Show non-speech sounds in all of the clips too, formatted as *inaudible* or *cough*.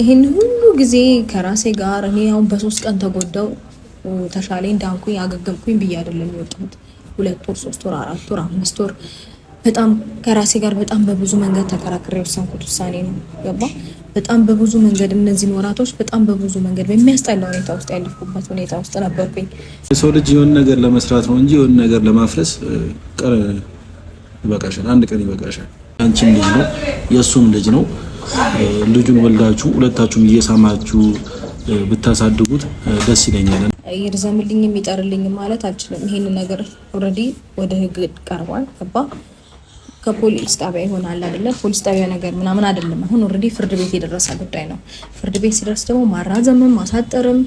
ይህን ሁሉ ጊዜ ከራሴ ጋር እኔ አሁን በሶስት ቀን ተጎዳው ተሻለኝ እንዳንኩኝ አገገምኩኝ ብዬ አይደለም የወጣሁት። ሁለት ወር፣ ሶስት ወር፣ አራት ወር፣ አምስት ወር በጣም ከራሴ ጋር በጣም በብዙ መንገድ ተከራክሬ የወሰንኩት ውሳኔ ነው። ገባ በጣም በብዙ መንገድ እነዚህን ወራቶች በጣም በብዙ መንገድ በሚያስጠላ ሁኔታ ውስጥ ያለፍኩበት ሁኔታ ውስጥ ነበርኩኝ። የሰው ልጅ የሆን ነገር ለመስራት ነው እንጂ የሆን ነገር ለማፍረስ ቀን ይበቃሻል፣ አንድ ቀን ይበቃሻል። አንቺም ልጅ ነው የእሱም ልጅ ነው ልጁን ወልዳችሁ ሁለታችሁም እየሳማችሁ ብታሳድጉት ደስ ይለኛል። ይርዘምልኝ የሚጠርልኝ ማለት አልችልም። ይሄን ነገር ኦልሬዲ ወደ ህግ ቀርቧል። ገባ ከፖሊስ ጣቢያ ይሆናል አይደለ? ፖሊስ ጣቢያ ነገር ምናምን አይደለም። አሁን ኦልሬዲ ፍርድ ቤት የደረሰ ጉዳይ ነው። ፍርድ ቤት ሲደርስ ደግሞ ማራዘምም ማሳጠርም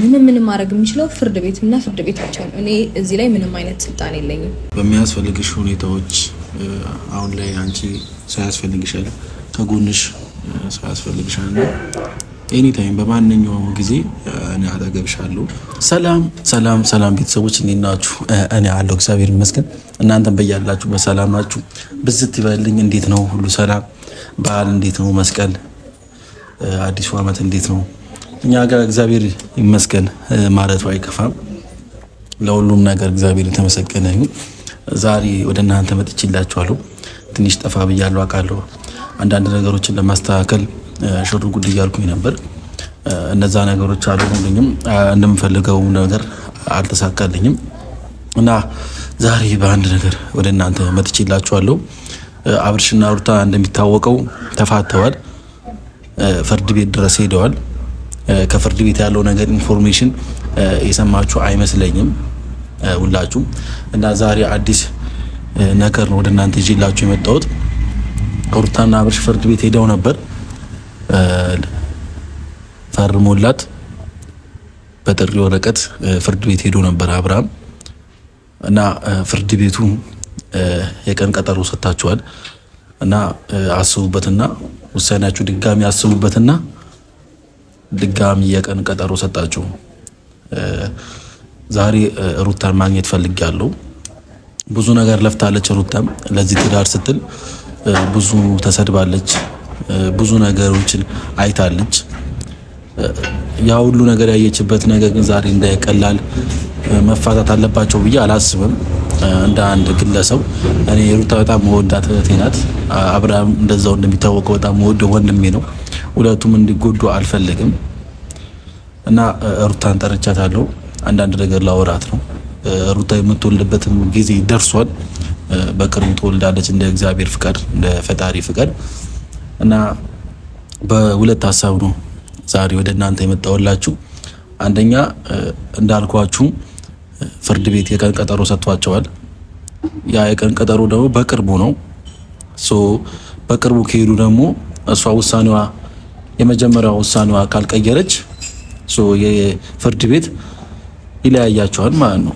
ምንም ምንም ማድረግ የሚችለው ፍርድ ቤት እና ፍርድ ቤት ብቻ ነው። እኔ እዚህ ላይ ምንም አይነት ስልጣን የለኝም። በሚያስፈልግሽ ሁኔታዎች አሁን ላይ አንቺ ሳያስፈልግሻል ከጎንሽ ሰው ያስፈልግሻል ኤኒታይም በማንኛውም ጊዜ እኔ አጠገብሻለሁ። ሰላም ሰላም ሰላም ቤተሰቦች እንዴት ናችሁ? እኔ አለሁ እግዚአብሔር ይመስገን። እናንተም በያላችሁ በሰላም ናችሁ? ብዝት ይበልኝ። እንዴት ነው ሁሉ ሰላም? በዓል እንዴት ነው? መስቀል አዲሱ ዓመት እንዴት ነው? እኛ ጋር እግዚአብሔር ይመስገን ማለቱ አይከፋም። ለሁሉም ነገር እግዚአብሔር የተመሰገነ ይሁን። ዛሬ ወደ እናንተ መጥቼላችኋለሁ። ትንሽ ጠፋ ብያለሁ አውቃለሁ። አንዳንድ ነገሮችን ለማስተካከል ሽር ጉድ እያልኩኝ ነበር። እነዛ ነገሮች አልሆኑልኝም፣ እንደምፈልገው ነገር አልተሳካልኝም እና ዛሬ በአንድ ነገር ወደ እናንተ መጥቼላችኋለሁ። አብርሽና ሩታ እንደሚታወቀው ተፋተዋል፣ ፍርድ ቤት ድረስ ሄደዋል። ከፍርድ ቤት ያለው ነገር ኢንፎርሜሽን የሰማችሁ አይመስለኝም ሁላችሁም እና ዛሬ አዲስ ነገር ነው ወደ እናንተ ይዤላችሁ የመጣሁት። ሩታና አብርሽ ፍርድ ቤት ሄደው ነበር። ፈርሞላት በጥሪ ወረቀት ፍርድ ቤት ሄዶ ነበር አብርሃም እና ፍርድ ቤቱ የቀን ቀጠሮ ሰጥታችኋል እና አስቡበትና ውሳኔያችሁ ድጋሚ አስቡበትና ድጋሚ የቀን ቀጠሮ ሰጣችሁ። ዛሬ ሩታን ማግኘት ፈልጌያለሁ። ብዙ ነገር ለፍታለች። ሩታም ለዚህ ትዳር ስትል ብዙ ተሰድባለች፣ ብዙ ነገሮችን አይታለች። ያ ሁሉ ነገር ያየችበት ነገር ግን ዛሬ እንዳይቀላል መፋታት አለባቸው ብዬ አላስብም። እንደ አንድ ግለሰብ እኔ ሩታ በጣም መወዳት እህቴ ናት። አብርሃም እንደዛው እንደሚታወቀው በጣም መወደ ወንድሜ ነው። ሁለቱም እንዲጎዱ አልፈልግም እና ሩታን ጠርቻታለሁ። አንዳንድ ነገር ላወራት ነው። ሩታ የምትወልድበትም ጊዜ ደርሷል። በቅርቡ ተወልዳለች እንደ እግዚአብሔር ፍቃድ፣ እንደ ፈጣሪ ፍቃድ እና በሁለት ሀሳብ ነው ዛሬ ወደ እናንተ የመጣሁላችሁ። አንደኛ እንዳልኳችሁ ፍርድ ቤት የቀን ቀጠሮ ሰጥቷቸዋል። ያ የቀን ቀጠሮ ደግሞ በቅርቡ ነው። ሶ በቅርቡ ከሄዱ ደግሞ እሷ ውሳኔዋ የመጀመሪያ ውሳኔዋ ካልቀየረች የፍርድ ቤት ይለያያቸዋል ማለት ነው።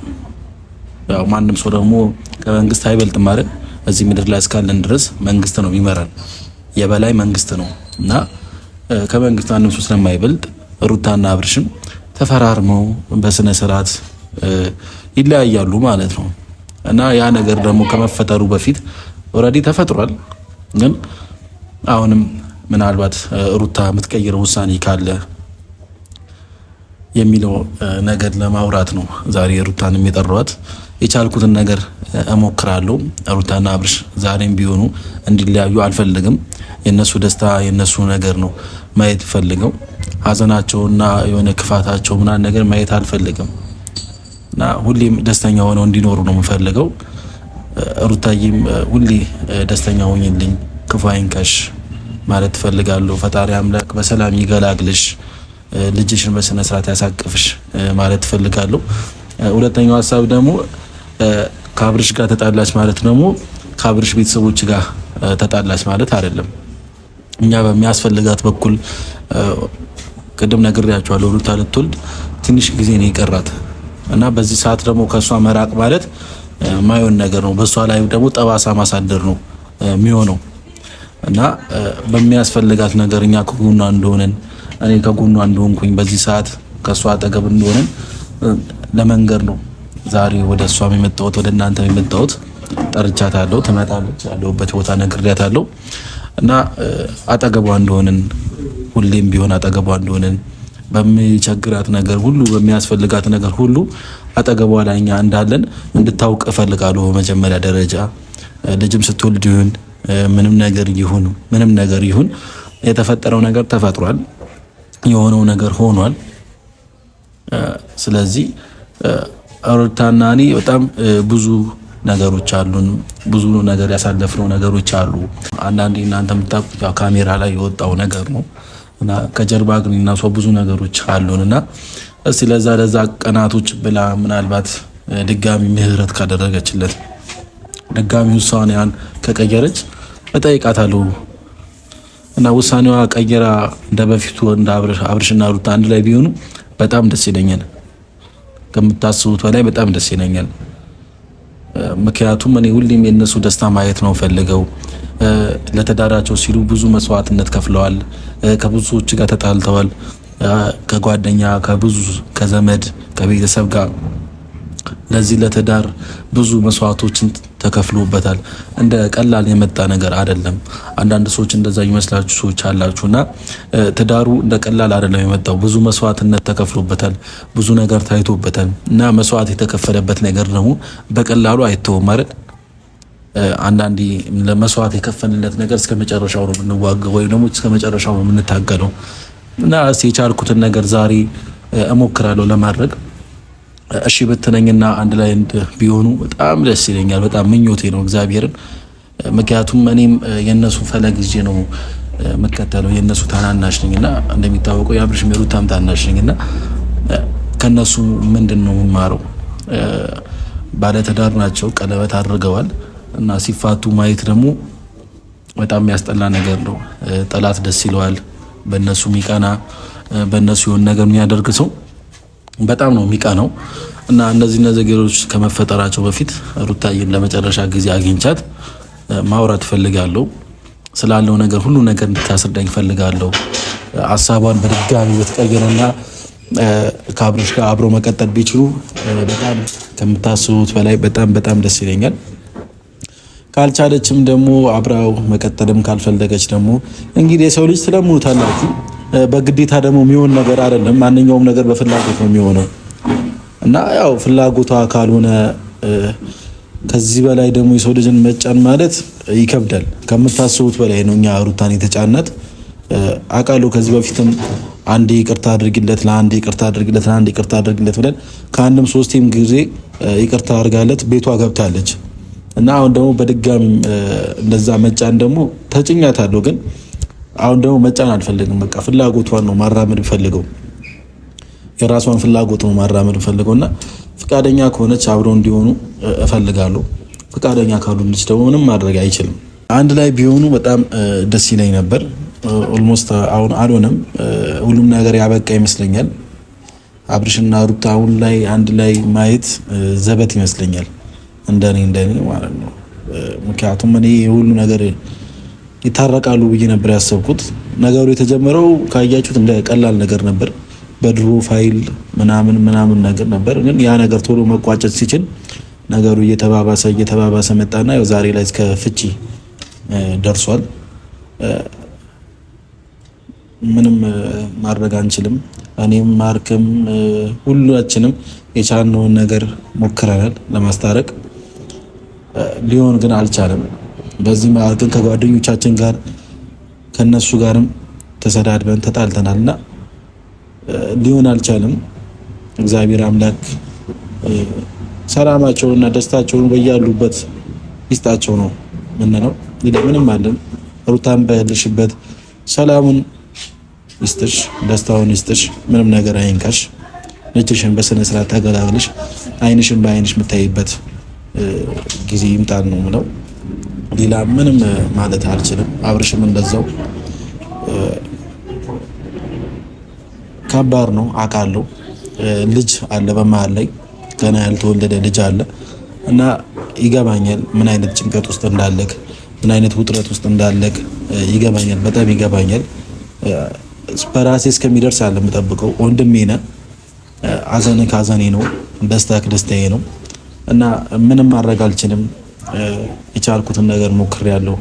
ያው ማንም ሰው ደግሞ ከመንግስት አይበልጥ ማለት እዚህ ምድር ላይ እስካለን ድረስ መንግስት ነው የሚመራን፣ የበላይ መንግስት ነው እና ከመንግስት አንዱ ሰው ስለማይበልጥ ሩታና አብርሽም ተፈራርመው በስነ ስርዓት ይለያያሉ ማለት ነው እና ያ ነገር ደግሞ ከመፈጠሩ በፊት ኦልሬዲ ተፈጥሯል። ግን አሁንም ምናልባት ሩታ የምትቀይረው ውሳኔ ካለ የሚለው ነገር ለማውራት ነው ዛሬ ሩታንም የጠሯት። የቻልኩትን ነገር እሞክራለሁ። ሩታና አብርሽ ዛሬም ቢሆኑ እንዲለያዩ አልፈልግም። የነሱ ደስታ የነሱ ነገር ነው ማየት ፈልገው ሀዘናቸውና የሆነ ክፋታቸው ምናምን ነገር ማየት አልፈልግም እና ሁሌም ደስተኛ ሆነው እንዲኖሩ ነው የምፈልገው። ሩታዬም ሁሌ ደስተኛ ሆኝልኝ፣ ክፉ አይንካሽ ማለት ትፈልጋለሁ። ፈጣሪ አምላክ በሰላም ይገላግልሽ፣ ልጅሽን በስነስርት ያሳቅፍሽ ማለት ትፈልጋለሁ። ሁለተኛው ሀሳብ ደግሞ ከአብርሽ ጋር ተጣላች ማለት ደግሞ ከአብርሽ ቤተሰቦች ጋር ተጣላች ማለት አይደለም። እኛ በሚያስፈልጋት በኩል ቅድም ነግሬያቸዋለሁ፣ ሩታ ልትወልድ ትንሽ ጊዜ ነው የቀራት እና በዚህ ሰዓት ደግሞ ከእሷ መራቅ ማለት ማይሆን ነገር ነው። በእሷ ላይ ደግሞ ጠባሳ ማሳደር ነው የሚሆነው እና በሚያስፈልጋት ነገር እኛ ከጎኗ እንደሆነን እኔ ከጎኗ እንደሆንኩኝ በዚህ ሰዓት ከእሷ አጠገብ እንደሆነን ለመንገር ነው። ዛሬ ወደ እሷም የመጣሁት ወደ እናንተ የመጣሁት ጠርቻታለሁ። ትመጣለች፣ ያለሁበት ቦታ ነግሬያታለሁ እና አጠገቧ እንደሆንን ሁሌም ቢሆን አጠገቧ እንደሆንን በሚቸግራት ነገር ሁሉ በሚያስፈልጋት ነገር ሁሉ አጠገቧ ላይ እኛ እንዳለን እንድታውቅ እፈልጋለሁ። በመጀመሪያ ደረጃ ልጅም ስትወልድ ይሁን ምንም ነገር ይሁን ምንም ነገር ይሁን የተፈጠረው ነገር ተፈጥሯል፣ የሆነው ነገር ሆኗል። ስለዚህ ሩታና እኔ በጣም ብዙ ነገሮች አሉን። ብዙ ነገር ያሳለፍነው ነገሮች አሉ። አንዳንዴ እናንተ የምታውቁት ያው ካሜራ ላይ የወጣው ነገር ነው እና ከጀርባ ግን እናሷ ብዙ ነገሮች አሉን እና እስቲ ለዛ ለዛ ቀናቶች ብላ ምናልባት ድጋሚ ምህረት ካደረገችለት ድጋሚ ውሳኔዋን ከቀየረች እጠይቃታለሁ እና ውሳኔዋ ቀየራ እንደ በፊቱ እንደ አብርሽና ሩታ አንድ ላይ ቢሆኑ በጣም ደስ ይለኛል። ከምታስቡት በላይ በጣም ደስ ይለኛል። ምክንያቱም እኔ ሁሌም የነሱ ደስታ ማየት ነው ፈልገው። ለተዳራቸው ሲሉ ብዙ መስዋዕትነት ከፍለዋል። ከብዙ ሰዎች ጋር ተጣልተዋል። ከጓደኛ ከብዙ ከዘመድ ከቤተሰብ ጋር ለዚህ ለትዳር ብዙ መስዋዕቶችን ተከፍሎበታል። እንደ ቀላል የመጣ ነገር አይደለም። አንዳንድ ሰዎች እንደዛ ይመስላችሁ ሰዎች አላችሁና ትዳሩ እንደ ቀላል አይደለም የመጣው። ብዙ መስዋዕትነት ተከፍሎበታል፣ ብዙ ነገር ታይቶበታል። እና መስዋዕት የተከፈለበት ነገር ደግሞ በቀላሉ አይተውም ማለት አንዳንዴ ለመስዋዕት የከፈልለት ነገር እስከ መጨረሻው ነው የምንዋገው ወይም ደግሞ እስከ መጨረሻው ነው የምንታገለው እና እስኪ የቻልኩትን ነገር ዛሬ እሞክራለሁ ለማድረግ እሺ ብትነኝና አንድ ላይ ቢሆኑ በጣም ደስ ይለኛል። በጣም ምኞቴ ነው እግዚአብሔርን። ምክንያቱም እኔም የነሱ ፈለግ ይዤ ነው የምከተለው። የነሱ ታናናሽ ነኝና እንደሚታወቀው የአብርሽ ሜሩታም ታናሽ ነኝና ከነሱ ምንድን ነው የምማረው? ባለትዳር ናቸው፣ ቀለበት አድርገዋል እና ሲፋቱ ማየት ደግሞ በጣም የሚያስጠላ ነገር ነው። ጠላት ደስ ይለዋል በእነሱ የሚቀና በእነሱ የሆን ነገር የሚያደርግ ሰው በጣም ነው የሚቀናው እና እነዚህ ነገሮች ከመፈጠራቸው በፊት ሩታዬን ለመጨረሻ ጊዜ አግኝቻት ማውራት እፈልጋለሁ። ስላለው ነገር ሁሉ ነገር እንድታስረዳኝ እፈልጋለሁ። ሀሳቧን በድጋሚ ብትቀይርና ከአብሮች ጋር አብሮ መቀጠል ቢችሉ በጣም ከምታስቡት በላይ በጣም በጣም ደስ ይለኛል። ካልቻለችም ደግሞ አብራው መቀጠልም ካልፈለገች ደግሞ እንግዲህ የሰው ልጅ ትለምኑታላችሁ። በግዴታ ደግሞ የሚሆን ነገር አይደለም። ማንኛውም ነገር በፍላጎት ነው የሚሆነው እና ያው ፍላጎቷ ካልሆነ ከዚህ በላይ ደግሞ የሰው ልጅን መጫን ማለት ይከብዳል። ከምታስቡት በላይ ነው እኛ ሩታን የተጫነት አቃሉ ከዚህ በፊትም አንድ ይቅርታ አድርግለት፣ ለአንድ ይቅርታ አድርግለት፣ ለአንድ ይቅርታ አድርግለት ብለን ከአንድም ሶስቴም ጊዜ ይቅርታ አድርጋለት ቤቷ ገብታለች እና አሁን ደግሞ በድጋሚ እንደዛ መጫን ደግሞ ተጭኛታለሁ ግን አሁን ደግሞ መጫን አልፈልግም። በቃ ፍላጎቷን ነው ማራመድ ፈልገው የራሷን ፍላጎት ነው ማራመድ ፈልገው እና ፍቃደኛ ከሆነች አብረው እንዲሆኑ እፈልጋለሁ። ፍቃደኛ ካልሆነች ደግሞ ምንም ማድረግ አይችልም። አንድ ላይ ቢሆኑ በጣም ደስ ይለኝ ነበር። ኦልሞስት አሁን አልሆነም። ሁሉም ነገር ያበቃ ይመስለኛል። አብርሽና ሩታ አሁን ላይ አንድ ላይ ማየት ዘበት ይመስለኛል፣ እንደኔ እንደኔ ማለት ነው። ምክንያቱም እኔ የሁሉ ነገር ይታረቃሉ ብዬ ነበር ያሰብኩት። ነገሩ የተጀመረው ካያችሁት እንደ ቀላል ነገር ነበር፣ በድሮ ፋይል ምናምን ምናምን ነገር ነበር። ግን ያ ነገር ቶሎ መቋጨት ሲችል ነገሩ እየተባባሰ እየተባባሰ መጣና ያው ዛሬ ላይ እስከ ፍቺ ደርሷል። ምንም ማድረግ አንችልም። እኔም ማርክም ሁላችንም የቻልነውን ነገር ሞክረናል ለማስታረቅ፣ ሊሆን ግን አልቻለም። በዚህ መሀል ግን ከጓደኞቻችን ጋር ከነሱ ጋርም ተሰዳድበን ተጣልተናል እና ሊሆን አልቻለም። እግዚአብሔር አምላክ ሰላማቸውንና ደስታቸውን በያሉበት ይስጣቸው ነው ምንለው። ምንም አለን ሩታን በልሽበት ሰላሙን ይስጥሽ፣ ደስታውን ይስጥሽ፣ ምንም ነገር አይንካሽ። ልጅሽን በስነ ስርዓት ተገላግለሽ አይንሽን በአይንሽ የምታይበት ጊዜ ይምጣል ነው ምለው። ሌላ ምንም ማለት አልችልም። አብርሽም እንደዛው ከባድ ነው አውቃለሁ። ልጅ አለ በመሀል ላይ ገና ያልተወለደ ልጅ አለ እና ይገባኛል፣ ምን አይነት ጭንቀት ውስጥ እንዳለክ፣ ምን አይነት ውጥረት ውስጥ እንዳለክ ይገባኛል፣ በጣም ይገባኛል። በራሴ እስከሚደርስ አለ የምጠብቀው ወንድሜ ነህ። ሐዘንህ ሐዘኔ ነው፣ ደስታህ ደስታዬ ነው እና ምንም ማድረግ አልችልም። የቻልኩትን ነገር ሞክር ያለው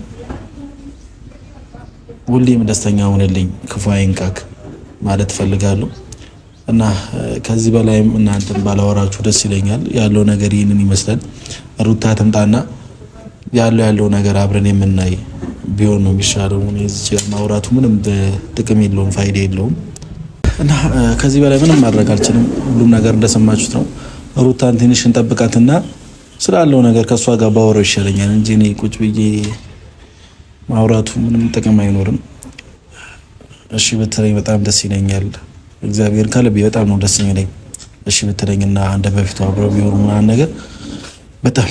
ሁሌም ደስተኛ ሆነልኝ፣ ክፉ አይንካክ ማለት እፈልጋለሁ እና ከዚህ በላይም እናንተን ባላወራችሁ ደስ ይለኛል። ያለው ነገር ይህንን ይመስላል። ሩታ ትምጣና ያለው ያለው ነገር አብረን የምናይ ቢሆን ነው የሚሻለው። እዚህ ማውራቱ ምንም ጥቅም የለውም፣ ፋይዳ የለውም እና ከዚህ በላይ ምንም ማድረግ አልችልም። ሁሉም ነገር እንደሰማችሁት ነው። ሩታን ትንሽ እንጠብቃትና ስላለው ነገር ከእሷ ጋር ባወራው ይሻለኛል እንጂ እኔ ቁጭ ብዬ ማውራቱ ምንም ጥቅም አይኖርም። እሺ ብትለኝ በጣም ደስ ይለኛል። እግዚአብሔር ካለብ በጣም ነው ደስ የሚለኝ። እሺ ብትለኝ እና እንደ በፊቱ አብረው ቢሆኑ ምናምን ነገር በጣም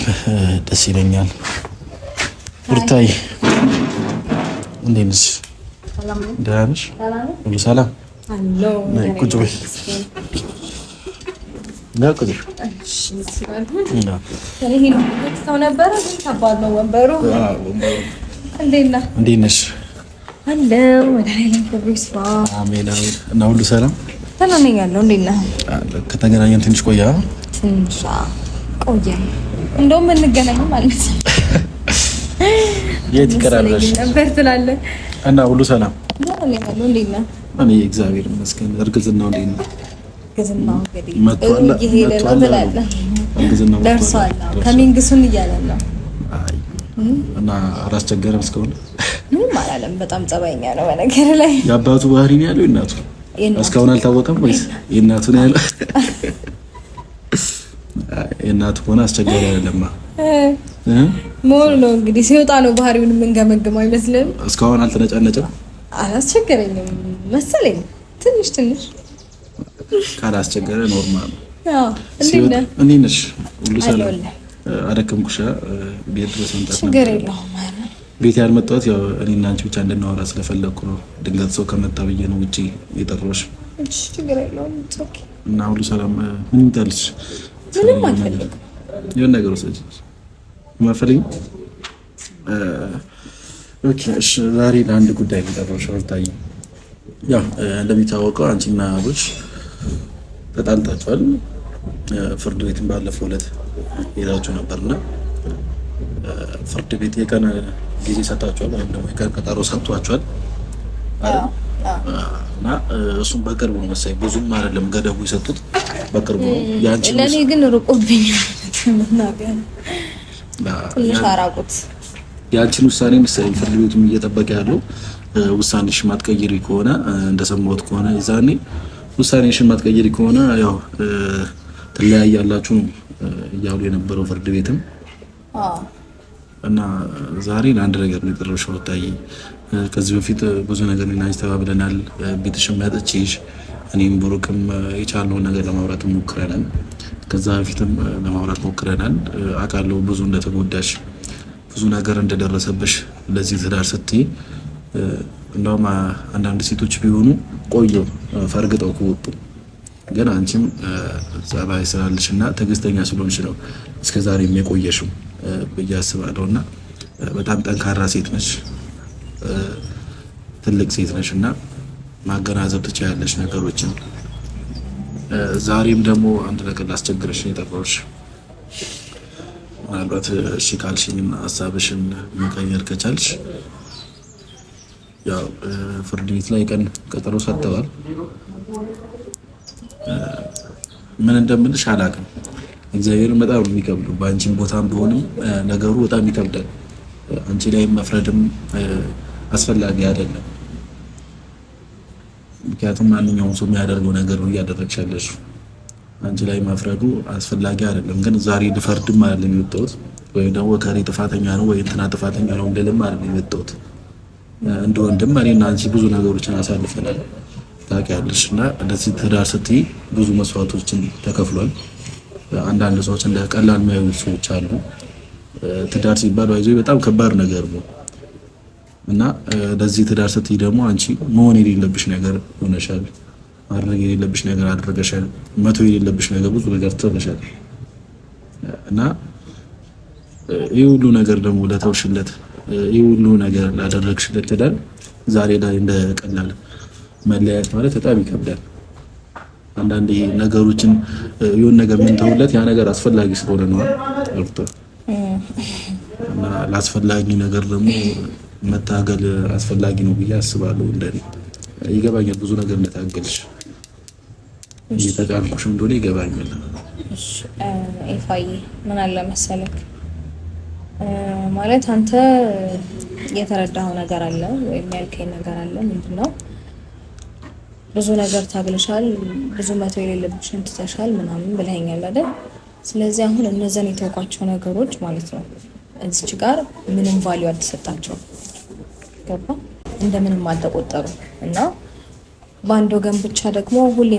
ደስ ይለኛል። ብርታይ እንዴት ነሽ? ደህና ነሽ? ሁሉ ሰላም? ቁጭ በይ ነቅልሽ ሁሉ ሰላም ሰላም እንዴት ነህ? ከተገናኘን ትንሽ ቆየ ቆየ። እንደውም እንገናኝም አልመሰለኝም። የት ይቀራለሽ ነበር ትላለህ። እና ሁሉ ሰላም ሰላም ነኝ ያለው። እንዴት ነህ? እኔ እግዚአብሔር ይመስገን። እርግዝናው እንዴት ነው? እርግዝና እንግዲህ እየሄደ ነው ብላለህ። ደርሷል ከሚንግሱን እያለ ነው እና አላስቸገረም እስከሆነ ምንም አላለም። በጣም ጸባይኛ ነው በነገር ላይ የአባቱ ባህሪ ነው ያለው። የእናቱ እስካሁን አልታወቀም ወይስ የእናቱ ነው ያለው? የእናቱ ሆነ አስቸጋሪ አይደለማ መሆኑ ነው እንግዲህ። ሲወጣ ነው ባህሪውን የምንገመግመው አይመስልም። እስካሁን አልተነጫነጨም። አላስቸገረኝም መሰለኝ ትንሽ ትንሽ ካላስቸገረ ኖርማል ነው። እንዴት ነሽ? ሁሉ ሰላም አደከምኩሽ። ቤት ድረስ መምጣት ነበር። ቤት ያልመጣሁት ያው እኔ እና አንቺ ብቻ እንድናወራ ስለፈለግኩ ነው። ድንገት ሰው ከመጣ ብዬ ነው ውጪ የጠራሁሽ። እና ሁሉ ሰላም። ምን ይምጣልሽ? ምንም አልፈልግም። የሆነ ነገር ወሰጅ ማፈልኝ ዛሬ ለአንድ ጉዳይ የጠራሁሽ ሩታዬ፣ ያው እንደሚታወቀው አንቺና አብርሽ ተጣልታችኋል። ፍርድ ቤትን ባለፈው ዕለት ሄዳችሁ ነበርና ፍርድ ቤት የቀን ጊዜ ሰጣችኋል፣ ወይም ደግሞ የቀን ቀጠሮ ሰጥቷችኋል እና እሱም በቅርቡ ነው መሰለኝ፣ ብዙም አይደለም ገደቡ የሰጡት በቅርቡ ነው። ለኔ ግን ርቆብኛል፣ ያንቺን ውሳኔ መሰለኝ ፍርድ ቤቱም እየጠበቀ ያለው ውሳኔሽ ማትቀይሪ ከሆነ እንደሰማሁት ከሆነ የዛኔ ውሳኔሽን ማትቀየሪ ከሆነ ያው ትለያያላችሁ እያሉ የነበረው ፍርድ ቤትም እና ዛሬ ለአንድ ነገር ነው የጠረብሽ ወጣይ። ከዚህ በፊት ብዙ ነገር ና ተባብለናል። ቤትሽን መጥቼሽ እኔም ብሩክም የቻልነውን ነገር ለማውራት ሞክረናል። ከዛ በፊትም ለማውራት ሞክረናል። አውቃለሁ ብዙ እንደተጎዳሽ፣ ብዙ ነገር እንደደረሰብሽ ለዚህ ትዳር ስትይ እንደውም አንዳንድ ሴቶች ቢሆኑ ቆዩ ፈርግጠው ከወጡ ግን አንቺም ጸባይ ስላለሽ እና ትዕግስተኛ ስለሆንሽ ነው እስከ ዛሬ የቆየሽው ብዬ አስባለሁ። እና በጣም ጠንካራ ሴት ነች፣ ትልቅ ሴት ነች እና ማገናዘብ ትችያለሽ ነገሮችን። ዛሬም ደግሞ አንድ ነገር ላስቸግረሽ የጠራሁሽ ምናልባት እሺ ካልሽኝና ሀሳብሽን መቀየር ከቻልሽ ፍርድ ቤት ላይ ቀን ቀጠሮ ሰጥተዋል። ምን እንደምልሽ አላውቅም። እግዚአብሔርን በጣም የሚከብዱ። በአንቺን ቦታም ቢሆንም ነገሩ በጣም ይከብዳል። አንቺ ላይ መፍረድም አስፈላጊ አይደለም። ምክንያቱም ማንኛውም ሰው የሚያደርገው ነገር ነው እያደረግሻለሽ። አንቺ ላይ መፍረዱ አስፈላጊ አይደለም። ግን ዛሬ ልፈርድም አይደለም የወጣሁት ወይም ደግሞ ከሬ ጥፋተኛ ነው ወይ እንትና ጥፋተኛ ነው እንደልም አይደለም የወጣሁት እንደ ወንድም እኔና አንቺ ብዙ ነገሮችን አሳልፈናል ታውቂያለሽ። እና እንደዚህ ትዳር ስትይ ብዙ መስዋዕቶችን ተከፍሏል። አንዳንድ ሰዎች እንደ ቀላል የሚያዩ ሰዎች አሉ። ትዳር ሲባል ይዞ በጣም ከባድ ነገር ነው እና እንደዚህ ትዳር ስትይ ደግሞ አንቺ መሆን የሌለብሽ ነገር ሆነሻል። ማድረግ የሌለብሽ ነገር አድርገሻል። መቶ የሌለብሽ ነገር ብዙ ነገር ትተሻል እና ይህ ሁሉ ነገር ደግሞ ለተውሽለት ይህ ሁሉ ነገር ላደረግሽለት ትዳር ዛሬ ላይ ቀላል መለያየት ማለት በጣም ይከብዳል። አንዳንድ ነገሮችን የሆነ ነገር ተውለት ያ ነገር አስፈላጊ ስለሆነ ነው። እና ለአስፈላጊ ነገር ደግሞ መታገል አስፈላጊ ነው ብዬ አስባለሁ። እንደኔ ይገባኛል፣ ብዙ ነገር እንደታገልሽ እየተቃልኩሽ እንደሆነ ይገባኛል። ይፋዬ ምን አለ መሰለክ ማለት አንተ የተረዳኸው ነገር አለ ወይም ያልከኝ ነገር አለ? ምንድን ነው? ብዙ ነገር ታግልሻል፣ ብዙ መቶ የሌለብሽን ትተሻል ምናምን ብለኸኛል አይደል? ስለዚህ አሁን እነዚያን የተውኳቸው ነገሮች ማለት ነው እዚች ጋር ምንም ቫሊዩ አልተሰጣቸው ገባ? እንደምንም አልተቆጠሩ እና በአንድ ወገን ብቻ ደግሞ ሁሌ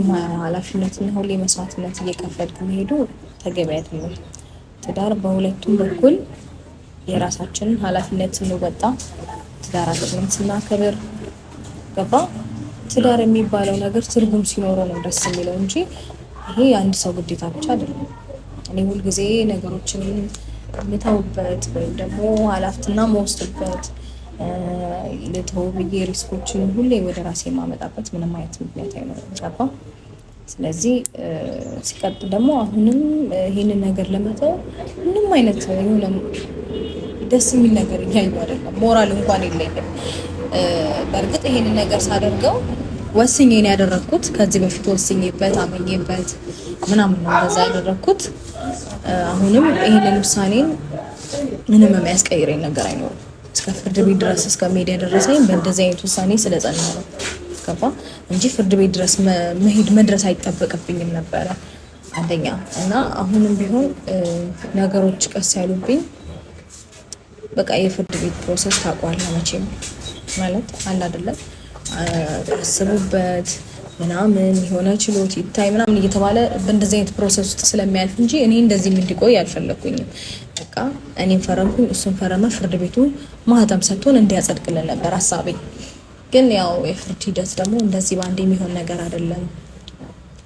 ኃላፊነትና ሁሌ መስዋዕትነት እየከፈልክ መሄዱ ተገቢ አይደለም። ትዳር በሁለቱም በኩል የራሳችንን ኃላፊነት ስንወጣ ትዳራችንን ስናከብር ገባ። ትዳር የሚባለው ነገር ትርጉም ሲኖረው ነው ደስ የሚለው እንጂ ይሄ የአንድ ሰው ግዴታ ብቻ አይደለም። እኔ ሁልጊዜ ነገሮችን ልተውበት ወይም ደግሞ ኃላፊትና መወስድበት ልተው ብዬ ሪስኮችን ሁሌ ወደ ራሴ የማመጣበት ምንም አይነት ምክንያት አይኖርም። ገባ። ስለዚህ ሲቀጥል ደግሞ አሁንም ይህንን ነገር ለመተው ምንም አይነት የሆነ ደስ የሚል ነገር እያዩ አይደለም። ሞራል እንኳን የለኝም። በእርግጥ ይሄንን ነገር ሳደርገው ወስኜ ነው ያደረግኩት። ከዚህ በፊት ወስኜበት አመኜበት ምናምን ነው እንደዛ ያደረግኩት። አሁንም ይሄንን ውሳኔን ምንም የሚያስቀይረኝ ነገር አይኖርም። እስከ ፍርድ ቤት ድረስ እስከ ሜዲያ ያደረሰኝ በእንደዚህ አይነት ውሳኔ ስለጸና ነው። ገባ እንጂ ፍርድ ቤት ድረስ መሄድ መድረስ አይጠበቅብኝም ነበረ አንደኛ እና አሁንም ቢሆን ነገሮች ቀስ ያሉብኝ በቃ የፍርድ ቤት ፕሮሰስ ታውቋለህ መቼም ማለት አለ አይደለም አስቡበት ምናምን የሆነ ችሎት ይታይ ምናምን እየተባለ በእንደዚህ አይነት ፕሮሰስ ውስጥ ስለሚያልፍ እንጂ እኔ እንደዚህም እንዲቆይ አልፈለግኩኝም። በቃ እኔም ፈረምኩኝ፣ እሱን ፈረመ። ፍርድ ቤቱ ማህተም ሰጥቶን እንዲያጸድቅልን ነበር ሀሳቤ። ግን ያው የፍርድ ሂደት ደግሞ እንደዚህ በአንድ የሚሆን ነገር አይደለም።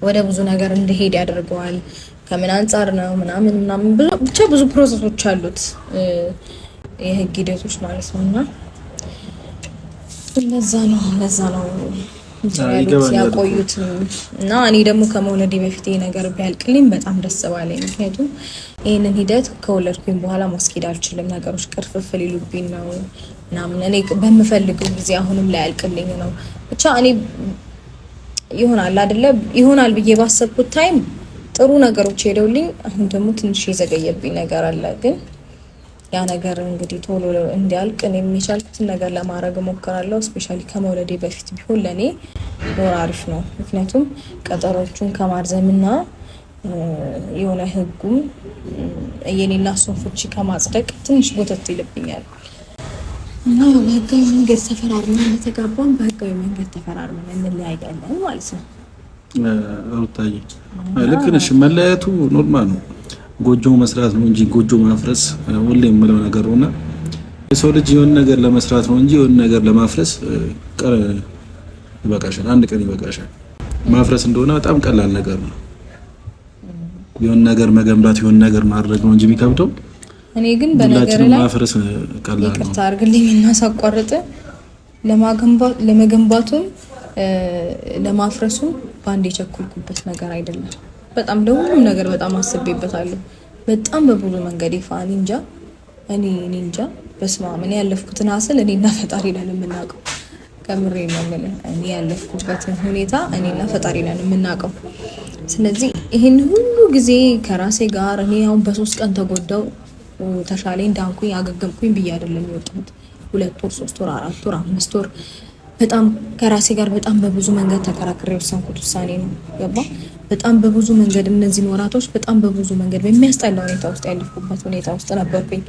ወደ ብዙ ነገር እንዲሄድ ያደርገዋል። ከምን አንጻር ነው ምናምን ምናምን ብቻ ብዙ ፕሮሰሶች አሉት። የህግ ሂደቶች ማለት ነው እና እነዛ ነው እነዛ ነው ያቆዩት እና እኔ ደግሞ ከመውለዴ በፊት ይሄ ነገር ቢያልቅልኝ በጣም ደስ ባለኝ። ምክንያቱም ይህንን ሂደት ከወለድኩኝ በኋላ ማስኬድ አልችልም። ነገሮች ቅርፍፍ ሊሉብኝ ነው ምናምን እኔ በምፈልገው ጊዜ አሁንም ላያልቅልኝ ነው። ብቻ እኔ ይሆናል አደለ ይሆናል ብዬ ባሰብኩት ታይም ጥሩ ነገሮች ሄደውልኝ፣ አሁን ደግሞ ትንሽ የዘገየብኝ ነገር አለ ግን ያ ነገር እንግዲህ ቶሎ እንዲያልቅ እኔ የሚቻልኩትን ነገር ለማድረግ እሞክራለሁ። እስፔሻሊ ከመውለዴ በፊት ቢሆን ለእኔ ኖር አሪፍ ነው። ምክንያቱም ቀጠሮቹን ከማርዘምና የሆነ ህጉም የኔና ሰው ፍቺ ከማጽደቅ ትንሽ ቦተት ይልብኛል እና በህጋዊ መንገድ ተፈራርመን እንደተጋባን በህጋዊ መንገድ ተፈራርመን እንለያያለን ማለት ነው። ሩታዬ ልክ ነሽ። መለያየቱ ኖርማል ነው። ጎጆ መስራት ነው እንጂ ጎጆ ማፍረስ ሁሌ የምለው ነገር ነውና የሰው ልጅ የሆነ ነገር ለመስራት ነው እንጂ የሆነ ነገር ለማፍረስ ቀን ይበቃሻል፣ አንድ ቀን ይበቃሻል። ማፍረስ እንደሆነ በጣም ቀላል ነገር ነው። የሆነ ነገር መገንባት የሆነ ነገር ማድረግ ነው እንጂ የሚከብደው። እኔ ግን በነገር ላይ ማፍረስ ቀላል ነው። ይቅርታ አድርግልኝ እና ሳቋርጥ ለመገንባቱም ለማፍረሱም በአንድ የቸኮልኩበት ነገር አይደለም። በጣም ለሁሉም ነገር በጣም አስቤበታለሁ። በጣም በብዙ መንገድ ይፋ እንጃ እኔ እንጃ በስማ ምን እኔ ያለፍኩትን ሀስል እኔና ፈጣሪ ነን የምናውቀው። ከምሬ ነው የምልህ እኔ ያለፍኩበትን ሁኔታ እኔና ፈጣሪ ነን የምናውቀው። ስለዚህ ይህን ሁሉ ጊዜ ከራሴ ጋር እኔ አሁን በሶስት ቀን ተጎዳው ተሻለኝ፣ ዳንኩኝ፣ አገገምኩኝ ብዬ አይደለም የወጣሁት። ሁለት ወር፣ ሶስት ወር፣ አራት ወር፣ አምስት ወር በጣም ከራሴ ጋር በጣም በብዙ መንገድ ተከራክሬ የወሰንኩት ውሳኔ ነው ገባ በጣም በብዙ መንገድ እነዚህ ወራቶች በጣም በብዙ መንገድ በሚያስጠላ ሁኔታ ውስጥ ያለፍኩበት ሁኔታ ውስጥ ነበርኩኝ።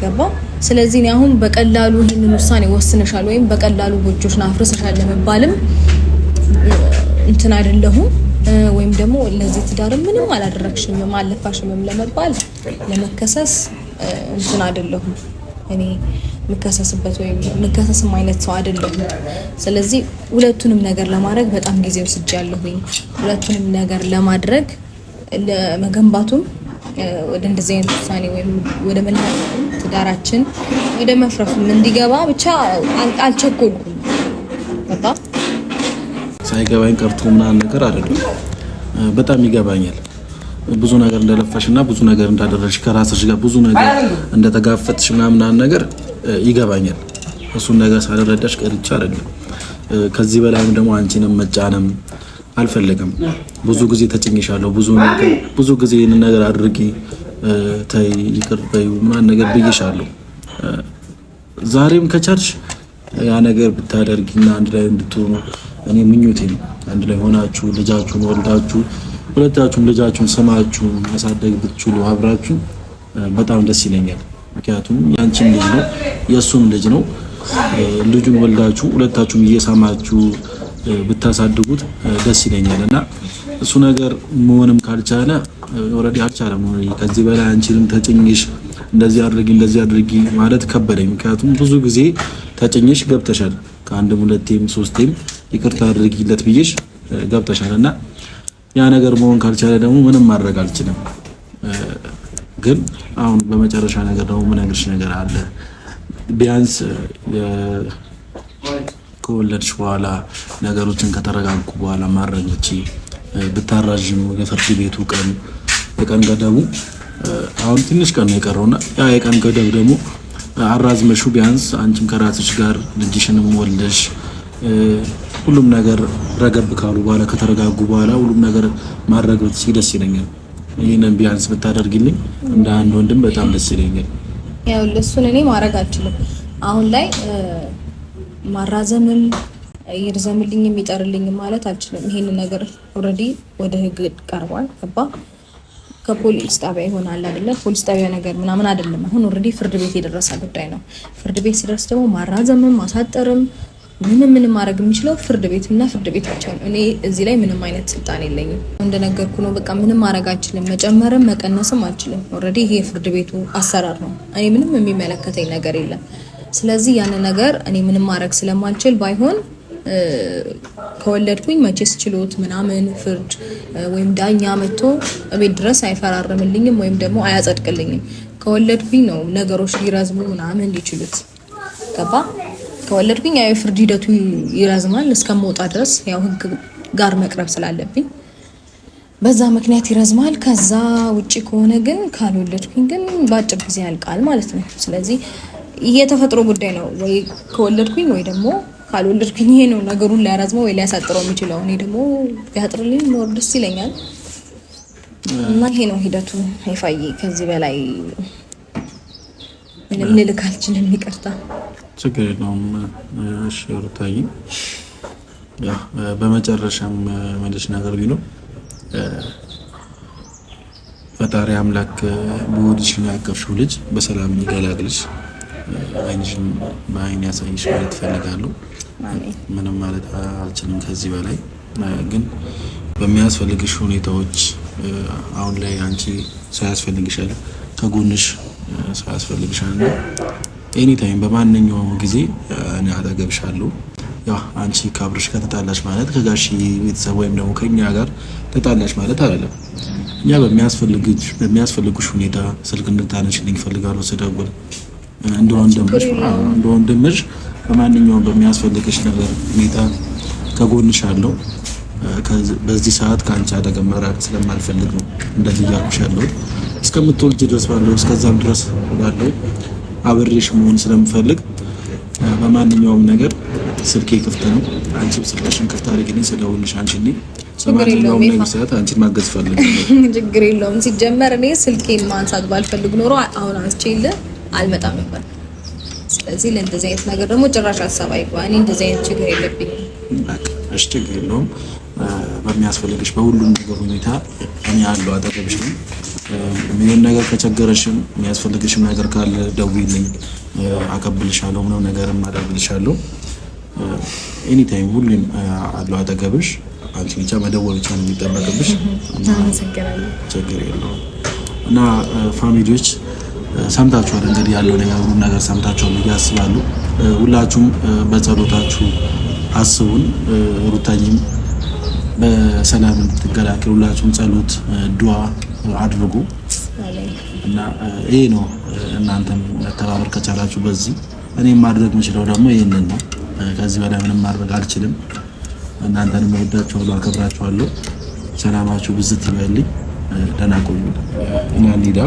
ገባ። ስለዚህ አሁን በቀላሉ ይህንን ውሳኔ ወስነሻል ወይም በቀላሉ ጎጆችን አፍርስሻል ለመባልም እንትን አይደለሁም ወይም ደግሞ ለዚህ ትዳር ምንም አላደረግሽም አለፋሽምም ለመባል ለመከሰስ እንትን አይደለሁም። እኔ የምከሰስበት ወይም የምከሰስም አይነት ሰው አይደለሁም። ስለዚህ ሁለቱንም ነገር ለማድረግ በጣም ጊዜ ወስጃለሁኝ። ሁለቱንም ነገር ለማድረግ ለመገንባቱም ወደ እንደዚህ አይነት ውሳኔ ወይም ወደ መናቁም ትዳራችን ወደ መፍረፍም እንዲገባ ብቻ አልቸኮልኩም። ሳይገባኝ ቀርቶ ምናምን ነገር አይደለም፣ በጣም ይገባኛል። ብዙ ነገር እንደለፋሽ እና ብዙ ነገር እንዳደረግሽ ከራስሽ ጋር ብዙ ነገር እንደተጋፈጥሽ ምናምን ነገር ይገባኛል። እሱን ነገር ሳልረዳሽ ቀርቼ አይደለም። ከዚህ በላይም ደግሞ አንቺንም መጫነም አልፈለግም። ብዙ ጊዜ ተጭኝሻለሁ። ብዙ ነገር ብዙ ጊዜ ይህን ነገር አድርጊ፣ ተይ፣ ይቅር በይ ምናምን ነገር ብዬሻለሁ። ዛሬም ከቻልሽ ያ ነገር ብታደርጊና አንድ ላይ እንድትሆኑ እኔ ምኞቴ ነው። አንድ ላይ ሆናችሁ ልጃችሁን ወልዳችሁ ሁለታችሁም ልጃችሁን ስማችሁ ማሳደግ ብትችሉ አብራችሁ በጣም ደስ ይለኛል። ምክንያቱም ያንቺም ልጅ ነው የእሱም ልጅ ነው። ልጁን ወልዳችሁ ሁለታችሁም እየሰማችሁ ብታሳድጉት ደስ ይለኛል እና እሱ ነገር መሆንም ካልቻለ ኦልሬዲ አልቻለም። ከዚህ በላይ አንቺንም ተጭኝሽ እንደዚህ አድርጊ እንደዚህ አድርጊ ማለት ከበደኝ። ምክንያቱም ብዙ ጊዜ ተጭኝሽ ገብተሻል። ከአንድም ሁለቴም ሶስቴም ይቅርታ አድርጊለት ብዬሽ ገብተሻል እና ያ ነገር መሆን ካልቻለ ደግሞ ምንም ማድረግ አልችልም። ግን አሁን በመጨረሻ ነገር ደግሞ ምነግርሽ ነገር አለ። ቢያንስ ከወለድሽ በኋላ ነገሮችን ከተረጋጉ በኋላ ማድረግ ብቺ ብታራዥሙ የፍርድ ቤቱ ቀን የቀን ገደቡ አሁን ትንሽ ቀን ነው የቀረውና ያ የቀን ገደብ ደግሞ አራዝመሹ ቢያንስ አንቺም ከራስሽ ጋር ልጅሽንም ወልደሽ ሁሉም ነገር ረገብ ካሉ በኋላ ከተረጋጉ በኋላ ሁሉም ነገር ማድረግ ብትችይ ደስ ይለኛል። ይህንን ቢያንስ ብታደርግልኝ እንደ አንድ ወንድም በጣም ደስ ይለኛል። ያው እሱን እኔ ማድረግ አልችልም አሁን ላይ ማራዘምም ይርዘምልኝ የሚጠርልኝ ማለት አልችልም። ይሄን ነገር ኦልሬዲ ወደ ህግ ቀርቧል። ገባ ከፖሊስ ጣቢያ ይሆናል አይደለ? ፖሊስ ጣቢያ ነገር ምናምን አይደለም። አሁን ኦልሬዲ ፍርድ ቤት የደረሰ ጉዳይ ነው። ፍርድ ቤት ሲደርስ ደግሞ ማራዘምም ማሳጠርም ምንም ምንም ማድረግ የሚችለው ፍርድ ቤት እና ፍርድ ቤት ብቻ ነው። እኔ እዚህ ላይ ምንም አይነት ስልጣን የለኝም። እንደነገርኩ ነው። በቃ ምንም ማድረግ አልችልም። መጨመርም መቀነስም አልችልም። ኦልሬዲ ይሄ የፍርድ ቤቱ አሰራር ነው። እኔ ምንም የሚመለከተኝ ነገር የለም። ስለዚህ ያን ነገር እኔ ምንም ማድረግ ስለማልችል ባይሆን ከወለድኩኝ መቼስ ችሎት ምናምን ፍርድ ወይም ዳኛ መጥቶ እቤት ድረስ አይፈራርምልኝም ወይም ደግሞ አያጸድቅልኝም። ከወለድኩኝ ነው ነገሮች ሊረዝሙ ምናምን ሊችሉት ገባ ከተወለድኩኝ ያው የፍርድ ሂደቱ ይረዝማል። እስከመውጣ ድረስ ያው ህግ ጋር መቅረብ ስላለብኝ በዛ ምክንያት ይረዝማል። ከዛ ውጭ ከሆነ ግን ካልወለድኩኝ ግን በአጭር ጊዜ ያልቃል ማለት ነው። ስለዚህ የተፈጥሮ ጉዳይ ነው ወይ ከወለድኩኝ ወይ ደግሞ ካልወለድኩኝ። ይሄ ነው ነገሩን ሊያረዝመው ወይ ሊያሳጥረው የሚችለው። እኔ ደግሞ ቢያጥርልኝ ኖር ደስ ይለኛል። እና ይሄ ነው ሂደቱ። ይፋዬ ከዚህ በላይ ምንም ልልክ አልችልም። ይቅርታ። ችግር የለውም። እሺ ሩታዬ፣ በመጨረሻም መልሽ ነገር ቢሉ ፈጣሪ አምላክ በሆድሽ ያቀፍሽው ልጅ በሰላም ይገላግልሽ፣ አይንሽን በዓይን ያሳይሽ ማለት ፈልጋለሁ። ምንም ማለት አልችልም ከዚህ በላይ ግን በሚያስፈልግሽ ሁኔታዎች አሁን ላይ አንቺ ሳያስፈልግሻል ከጎንሽ ሳያስፈልግሻል ና ኤኒታይም በማንኛውም ጊዜ እኔ አጠገብሻለሁ። ያ አንቺ ከአብርሽ ጋር ተጣላሽ ማለት ከጋሽ ቤተሰብ ወይም ደግሞ ከኛ ጋር ተጣላሽ ማለት አይደለም። እኛ በሚያስፈልጉሽ ሁኔታ ስልክ እንድታነሽልኝ እፈልጋለሁ ስደውል፣ እንደ ወንድምሽ በማንኛውም በሚያስፈልግሽ ነገር ሁኔታ ከጎንሽ አለው። በዚህ ሰዓት ከአንቺ አደገ መራቅ ስለማልፈልግ ነው እንደዚህ እያልኩሽ ያለሁት እስከምትወልጅ ድረስ ባለው እስከዛም ድረስ ባለው አብሬሽ መሆን ስለምፈልግ በማንኛውም ነገር ስልኬ ክፍት ነው። አንቺ ስልክሽን ክፍት አድርጊልኝ፣ ስደውልልሽ አንቺ እኔ በማንኛውም ማገዝ ፈልጋለሁ። *laughs* ችግር የለውም። ሲጀመር እኔ ስልኬ ማንሳት ባልፈልግ ኖሮ አሁን አንስቼ የለ አልመጣም ነበር። ስለዚህ ለእንደዚህ አይነት ነገር ደግሞ ጭራሽ ሀሳብ አይግባ። እኔ እንደዚህ አይነት ችግር የለብኝም። እሺ፣ ችግር የለውም። በሚያስፈልግሽ በሁሉም ነገር ሁኔታ እኔ አለሁ፣ አጠገብሽ ነኝ። ይህን ነገር ከቸገረሽም የሚያስፈልግሽም ነገር ካለ ደውዪልኝ፣ አቀብልሻለሁ። ምንም ነገርም አቀብልሻለሁ። ኤኒታይም ሁሉም አለሁ አጠገብሽ። አንቺ ብቻ መደወል ብቻ ነው የሚጠበቅብሽ። ችግር የለውም እና ፋሚሊዎች ሰምታችኋል እንግዲህ ያለው ነገር ሁሉም ነገር ሰምታችኋል ብዬ አስባለሁ። ሁላችሁም በጸሎታችሁ አስቡን። ሩታኝም በሰላም እንድትገላገሉ ሁላችሁም ጸሎት ድዋ አድርጉ እና ይሄ ነው። እናንተም መተባበር ከቻላችሁ በዚህ እኔም ማድረግ የምችለው ደግሞ ይህንን ነው። ከዚህ በላይ ምንም ማድረግ አልችልም። እናንተን እወዳችኋለሁ፣ አከብራችኋለሁ። ሰላማችሁ ብዝት ይበልኝ። ደህና ቆዩ እና ሊዳ